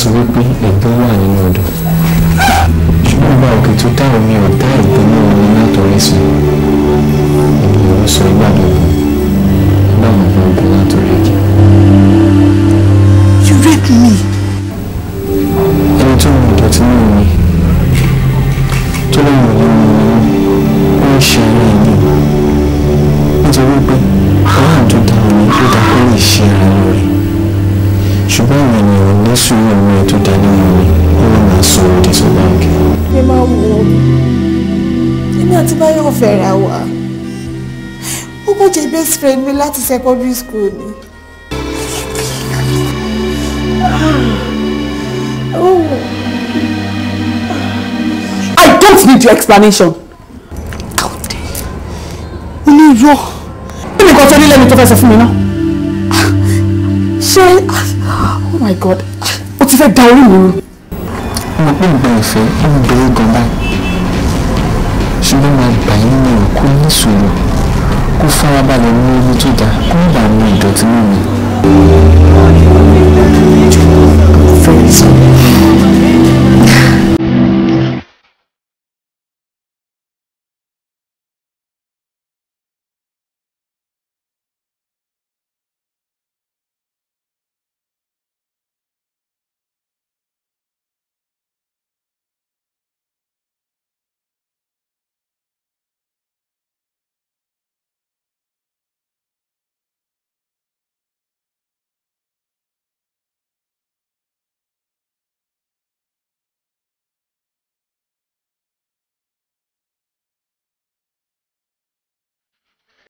sọ wípé ẹ̀gbọ́n wà nínú odò ṣùgbọ́n bá òkè tó dá omi ọ̀dá ẹ̀gbọ́n náà ní látọ̀rí sùn èmi ò sọ ìgbàdùn ògùn báwọn ọmọ ogun látọ̀rí ẹ̀jẹ̀. You rape me. ẹni tó ń lò tí mò ń mi tó lóun ò ní mọ ó ń ṣe ara ẹ̀mí nítorí pé àwọn àdúgbò àwọn ẹgbẹ́ dàgbà lè ṣe ara máa sùúrù àwọn ètò dání wọn ni wọn máa sọ òdì sí báńkì. ẹ máa wọ èmi àti báyọ̀ fẹ́ra wa ó kọ́ jẹ́ best friend mi láti secondary school ni. I don't need your explanation. How dare you? Olú yọ. Kí ni nǹkan tó ní lẹ́nu tó fẹ́ fún mi náà? Ṣé oh my God ó ti fẹ́ da orí mi rú. mo pè ń gba ìfẹ́ ń bẹ̀rẹ̀ gan báyìí ṣùgbọ́n máa gbà yín ní òkú ní ìṣòro kó farabalẹ̀ mú omi tó dáa kó má bàa mú ìdọ̀tí mọ́ mi.